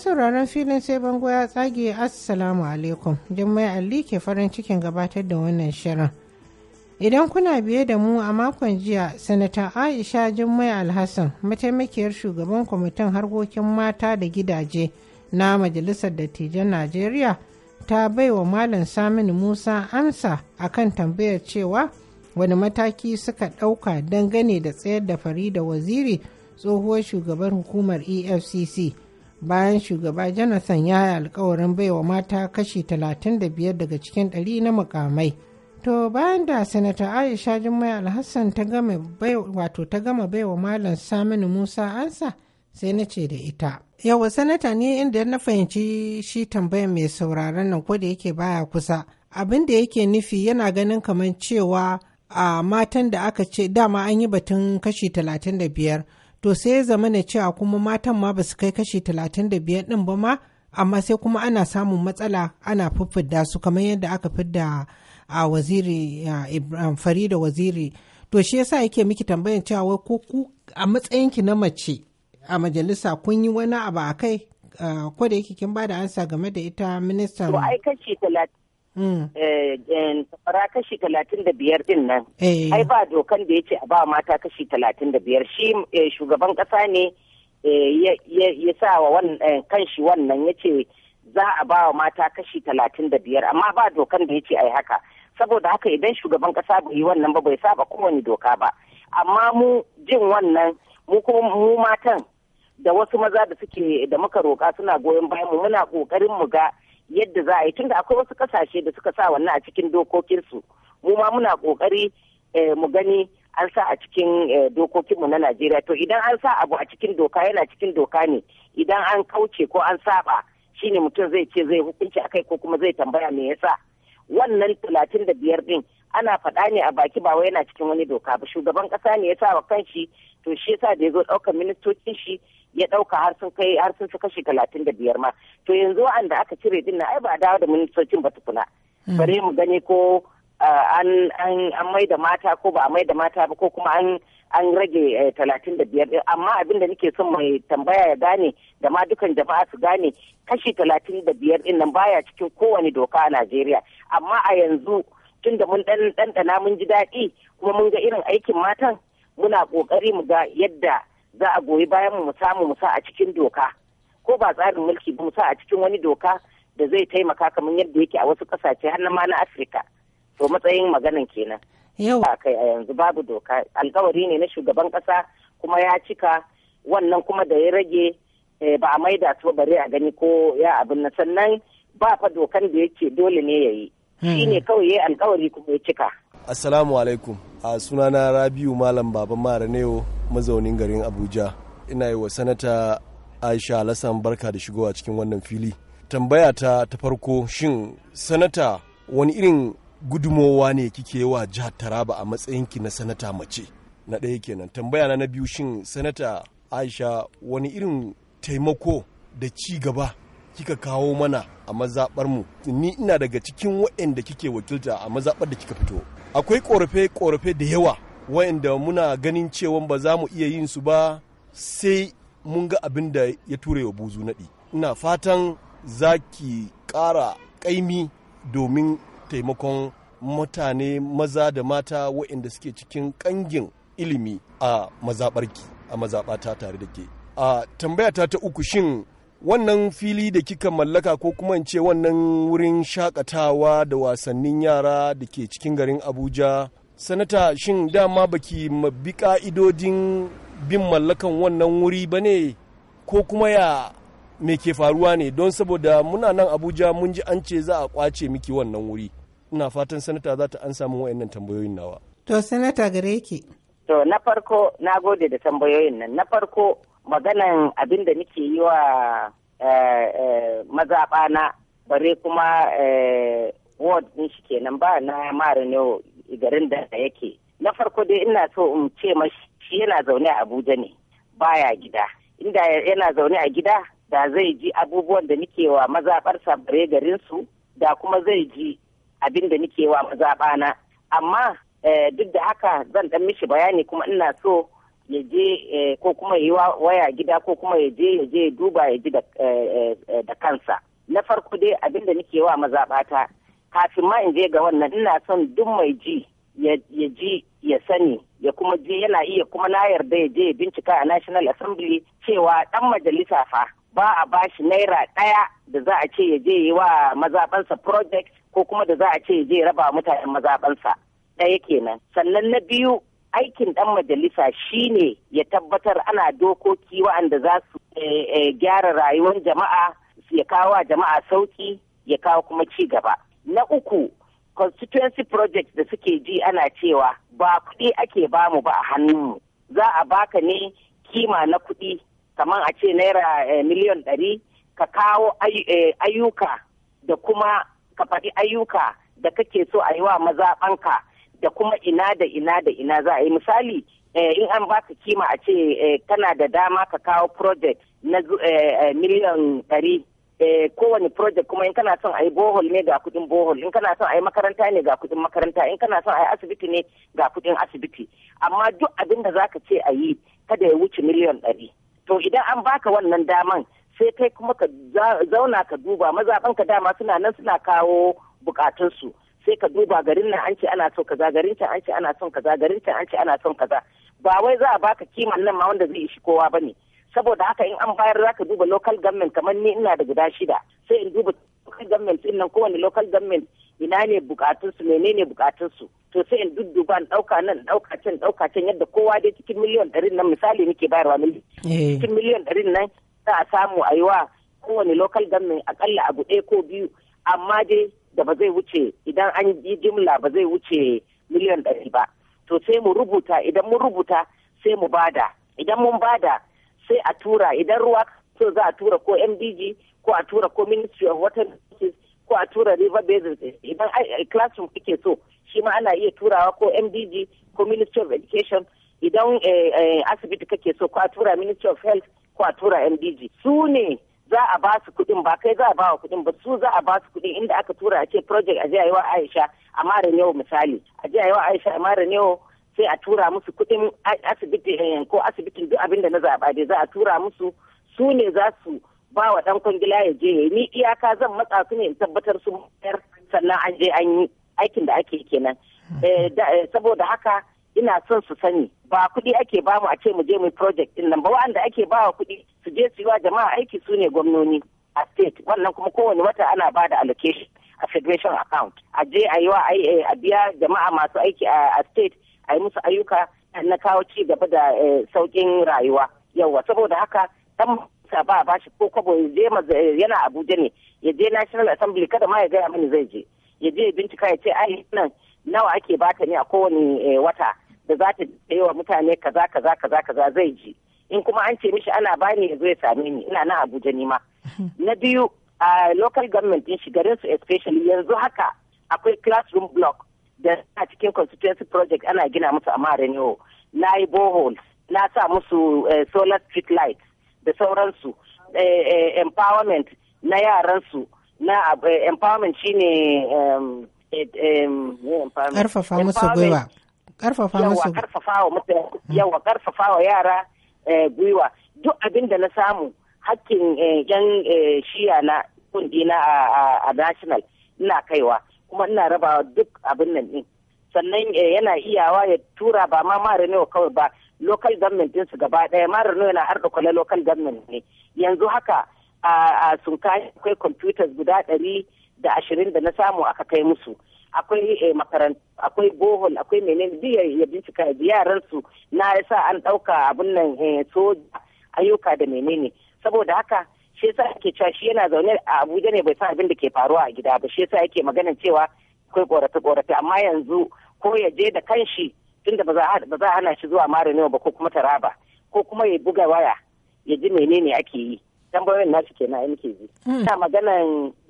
sauraron filin sai bango ya tsage Assalamu alaikum. Jummai alli ke farin cikin gabatar da wannan shirin. Idan kuna biye da mu a makon jiya, Sanata Aisha Jummai Alhassan, mataimakiyar shugaban kwamitin harkokin mata da gidaje na Majalisar Dattijan Najeriya, ta baiwa Malam Saminu Musa amsa a kan tambayar cewa wani mataki suka ɗauka dangane da tsayar da fari da Waziri tsohuwar Shugaban hukumar EFCC. bayan shugaba jonathan ya yi alkawarin baiwa mata kashi 35 daga cikin 100 na mukamai to bayan da sanata aisha jummai alhassan ta gama wato ta gama baiwa malam saminu musa ansa sai na ce da ita yawa sanata ne inda na fahimci shi tambayan mai sauraron nan ko da yake baya kusa abin da yake nufi yana ganin kamar cewa a matan da aka ce dama an yi batun kashi 35 to sai ya zama na cewa kuma matan ma ba su kai kashi talatin da biyar ɗin ba ma amma sai kuma ana samun matsala ana fufuda su kamar yadda aka fidda a waziri ibrahim farida waziri to shi yasa yake miki tambayan cewa wai ko ku a matsayinki na mace a majalisa kun yi wani abu a kai ko da yake kin bada ansa game da ita ministan to fara eh, eh, kashi talatin da biyar din nan eh. ai ba dokan da ya ce a ba mata kashi talatin da biyar shi shugaban kasa ne ya sa wa kanshi wannan ya ce za a ba wa mata kashi talatin da biyar amma ba dokan da ya ce ai haka saboda haka idan shugaban kasa bai yi wannan ba bai saba kowane doka ba amma mu jin wannan mu kuma mu matan da wasu maza da suke da muka roka suna goyon bayan mu muna kokarin mu ga yadda za a yi tunda akwai wasu kasashe da suka sa wannan a cikin dokokinsu mu ma muna kokari eh, mu gani an sa a cikin eh, dokokinmu na najeriya to idan an sa abu a cikin doka yana cikin doka ne idan an kauce ko an saba shine mutum zai ce zai hukunci akai ko kuma zai tambaya me yasa wannan talatin da biyar din ana faɗa ne a baki ba wai yana cikin wani doka ba shugaban ƙasa ne ya sa wa kanshi to shi yasa da ya zo ɗaukar ministocin shi ya ɗauka har sun kai har sun kashi talatin da biyar ma to yanzu wa'anda aka cire din na ai ba dawo da ministocin ba tukuna hmm. bare mu gani ko uh, an an mai da mata ko ba a mai da mata ba ko kuma an an rage eh, talatin da biyar amma abin da nake son mai tambaya ya gane da ma dukan jama'a su gane kashi talatin da biyar din nan baya cikin kowane doka a najeriya amma a yanzu tun da mun dan dandana mun ji daɗi kuma mun ga irin aikin matan muna kokari mu ga yadda za a goyi bayan mu samu mu sa a cikin doka ko ba tsarin mulki ba mu sa a cikin wani doka da zai taimaka kamar yadda yake a wasu kasashe har na ma na Afirka to matsayin maganan kenan yau a kai a yanzu babu doka alkawari ne na shugaban ƙasa kuma ya cika wannan kuma da ya rage eh, ba a maida su bare a gani ko ya abin na sannan ba fa dokan da yake dole ne ya yi shine hmm. kawai yi alkawari kuma ya cika assalamu alaikum a sunana rabiu malam Baba mara neo mazaunin garin abuja ina yi wa sanata aisha lasan barka da shigowa cikin wannan fili tambaya ta ta farko shin sanata wani irin gudumowa ne kike wa jihar taraba a matsayinki na sanata mace na ɗaya kenan tambaya na biyu shin sanata aisha wani irin taimako da ci gaba kika kawo mana a mazaɓarmu. ni ina daga cikin waɗanda kike wakilta a mazaɓar da kika fito akwai ƙorafe-ƙorafe da yawa waɗanda muna ganin cewa ba za mu iya yin su ba sai mun ga abin da ya ture wa buzu naɗi ina fatan za ki ƙara ƙaimi domin taimakon mutane maza da mata waɗanda suke cikin ƙangin ilimi a mazaɓarki a mazaɓata tare da ke a tambaya ta ta uku shin wannan fili da kika mallaka ko kuma in ce wannan wurin shakatawa da wasannin yara da ke cikin garin abuja sanata shin dama baki mabbi ka'idodin bin mallakan wannan wuri ba ne ko kuma ya me ke faruwa ne don saboda muna nan abuja mun ji an ce za a kwace miki wannan wuri ina fatan sanata za ta an samu wayannan tambayoyin nawa to sanata gare ki to na farko na gode da tambayoyin nan na farko maganan abin da nake yi wa eh, eh, mazaɓa bare kuma eh, ward din shi kenan ba na mara ne garin da yake na farko dai ina so in ce mashi shi yana zaune a abuja ne baya gida inda yana zaune a gida da zai ji abubuwan da nake wa mazaɓarsa bare garinsu da kuma zai ji abin da nake wa mazaɓana amma duk da haka zan ɗan mishi bayani kuma ina so ya je eh, ko kuma yi waya gida ko kuma ya je ya je duba ya ji eh, eh, da kansa na farko dai abin da nake wa mazaɓata kafin ma in je ga wannan ina son duk mai ji ya ji ya sani ya kuma je yana iya kuma na yarda ya je bincika a national assembly cewa dan majalisa fa ba a bashi naira ɗaya da za a ce ya je yi wa mazaɓansa project ko kuma da za a ce ya je raba mutanen mazaɓansa ɗaya kenan sannan na biyu aikin dan majalisa shine ya tabbatar ana dokoki wa'anda za su eh, eh, gyara rayuwar jama'a ya kawo jama'a sauki ya kawo kuma ci gaba na uku constituency project da suke ji ana cewa ba kuɗi ake bamu ba a hannunmu za a baka ne kima na kuɗi kamar a ce naira eh, miliyan ɗari ka kawo ayyuka da kuma ka faɗi ayyuka da kake so a yi wa mazaɓanka da kuma ina da ina da ina za a yi misali eh, in an baka kima a ce eh, kana da dama ka kawo project na eh, miliyan ɗari kowane project kuma in kana son a yi bohol ne ga kudin bohol in kana son a yi makaranta ne ga kudin makaranta in kana son a yi asibiti ne ga kudin asibiti amma duk abin da ka ce a yi kada ya wuce miliyan ɗari to idan an baka wannan daman sai kai kuma ka zauna ka duba mazaɓan ka dama suna nan suna kawo bukatunsu sai ka duba garin nan an ce ana son kaza garin can an ce ana son kaza garin can an ce ana son kaza ba wai za a baka kiman nan ma wanda zai ishi kowa ba ne saboda haka in an bayar za ka duba local government kamar ni ina da guda shida sai in duba local government din nan kowane local government ina ne bukatunsu menene bukatunsu to sai in dudduba in dauka nan dauka can dauka can yadda kowa dai cikin miliyan ɗarin nan misali nake bayarwa mili eh. cikin miliyon ɗarin nan za a samu a yi wa kowane local government akalla abu ɗaya ko biyu amma dai da ba zai wuce idan an yi jimla ba zai wuce miliyan ɗari ba to sai mu rubuta idan mun rubuta sai mu bada idan mun bada sai a tura idan ruwa so za a tura ko mdg ko a tura ko ministry of water resources ko a tura river basin idan classroom kake so shi ma ana iya turawa ko mdg ko ministry of education idan eh, eh, asibiti kake so ko a tura ministry of health ko a tura mdg su ne za a ba su kuɗin ba kai za a ba wa kuɗin ba su za a ba su kuɗin inda aka tura a ce project a je a Aisha a mara yau misali a je a Aisha a mara yau sai a tura musu kuɗin asibiti eh, ko asibitin duk abin da na zaɓa dai za a tura musu su ne za su ba wa ɗan kwangila ya je ya ni iyaka zan matsa su ne in tabbatar su yar sannan an je an yi aikin da ake kenan eh, eh, saboda haka ina son su sani ba kuɗi ake bamu a ce mu je mu project din nan ba wa'anda ake bawa kuɗi su je su yi wa jama'a aiki su ne gwamnoni a state wannan kuma kowane wata ana ba da allocation a federation account a je a yi wa eh, a biya jama'a masu aiki a state a yi musu ayyuka na kawo ci gaba da eh, sauƙin rayuwa yawa saboda haka dan sa ba ba shi ko kwabo je eh, yana Abuja ne ya je National Assembly kada ma ya gaya mani zai je ya je bincika ya ce ai nan nawa ake bata ne a kowane wata da za ta yi wa mutane kaza kaza kaza kaza zai je in kuma an ce mishi ana bani ya zo ya same ni ina na abuja nima na biyu a local government din shi garin su especially yanzu haka akwai classroom block da a cikin constituency project ana gina musu amma renewal na yi borehole na sa musu eh, solar street lights da sauransu eh, eh, empowerment na yaransu na empowerment shine karfafa musu gwiwa karfafa musu yawa karfafa wa yara Eh, gwiwa duk abin da na samu hakkin eh, yan eh, shiya na kundina a national ina kaiwa kuma ina rabawa duk abin nan din sannan yana iyawa ya tura ba ma mara ne kawai ba local government su gaba daya mara ne yana harka kwale local government ne yanzu haka a kai akwai computers guda ɗari da ashirin da na samu aka kai musu akwai makarantu akwai bohol akwai menene biyar ya bincika yaran su na yasa an ɗauka abun nan eh, soja ayyuka da menene saboda haka shi yasa ake cewa shi yana zaune a Abuja ne bai san abin da ke faruwa a gida ba shi yasa yake maganar cewa akwai korafe korafe amma yanzu ko ya je da kanshi tunda ba za a hana shi zuwa mara Marino ba ko kuma Taraba ko kuma ya buga waya ya ji menene ake yi tambayoyin nasu kenan ji. Hmm.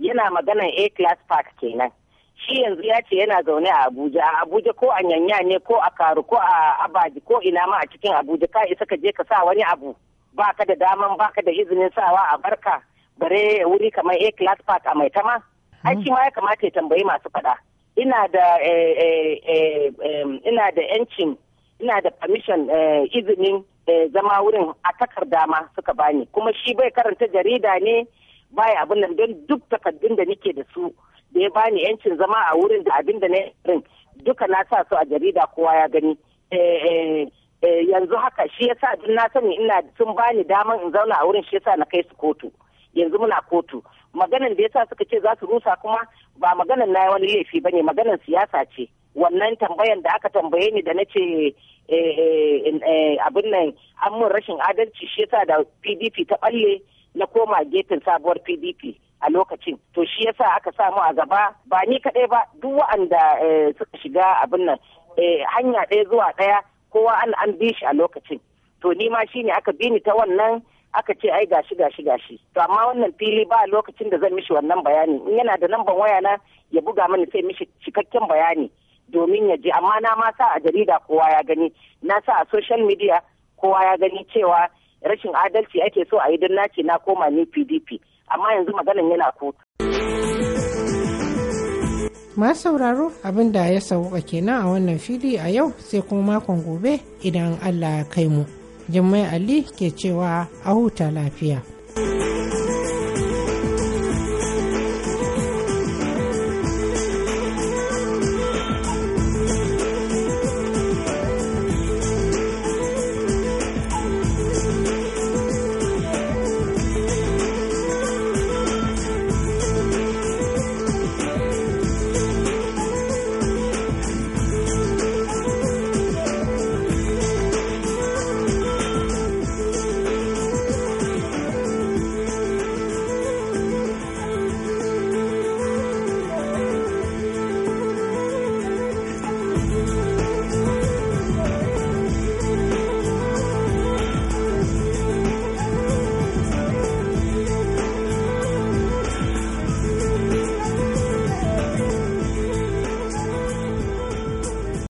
Yana maganan A class park kenan. shi yanzu ya ce yana zaune a Abuja a Abuja ko a Nyanya ne ko a Karu ko a Abaji ko ina ma a cikin Abuja ka isa ka je ka sa wani abu baka da daman baka da izinin sawa a barka bare wuri kamar A class park a Maitama ai hmm. shi ma ya kamata ya tambayi masu fada ina da eh, eh, eh, ina da yancin ina da permission izinin zama wurin a takarda ma suka bani kuma shi bai karanta jarida ne bai abin nan don duk takardun da nake da su da ya bani yancin zama a wurin da abin da na yin duka na sa su a jarida kowa ya gani eh, eh, eh, yanzu haka shi yasa duk na sani ina sun bani daman in zauna a wurin shi yasa na kai su kotu yanzu muna kotu maganan da yasa suka ce za su rusa kuma ba maganan na wani laifi bane maganan siyasa ce wannan tambayan da aka tambaye ni da na ce abin nan an mun rashin adalci shi yasa da pdp ta balle na koma gefen sabuwar pdp a lokacin to shi yasa aka samu a gaba ba ni kaɗai ba duk wa'anda eh, suka shiga abin nan eh, hanya ɗaya zuwa ɗaya kowa an an bi shi a lokacin to ni ma shine aka bi ni ta wannan aka ce ai gashi gashi gashi to amma wannan fili ba lokacin da zan mishi wannan bayani in yana da namban waya na ya buga mani sai mishi cikakken bayani domin ya je amma na ma sa a jarida kowa ya gani na sa a social media kowa ya gani cewa rashin adalci ake so a yi don nace na koma ne pdp amma yanzu maganin yana kotu. ma sauraro abin da ya sauka kenan a wannan fili a yau sai kuma makon gobe idan allah ya kai mu jimmai ali ke cewa a huta lafiya.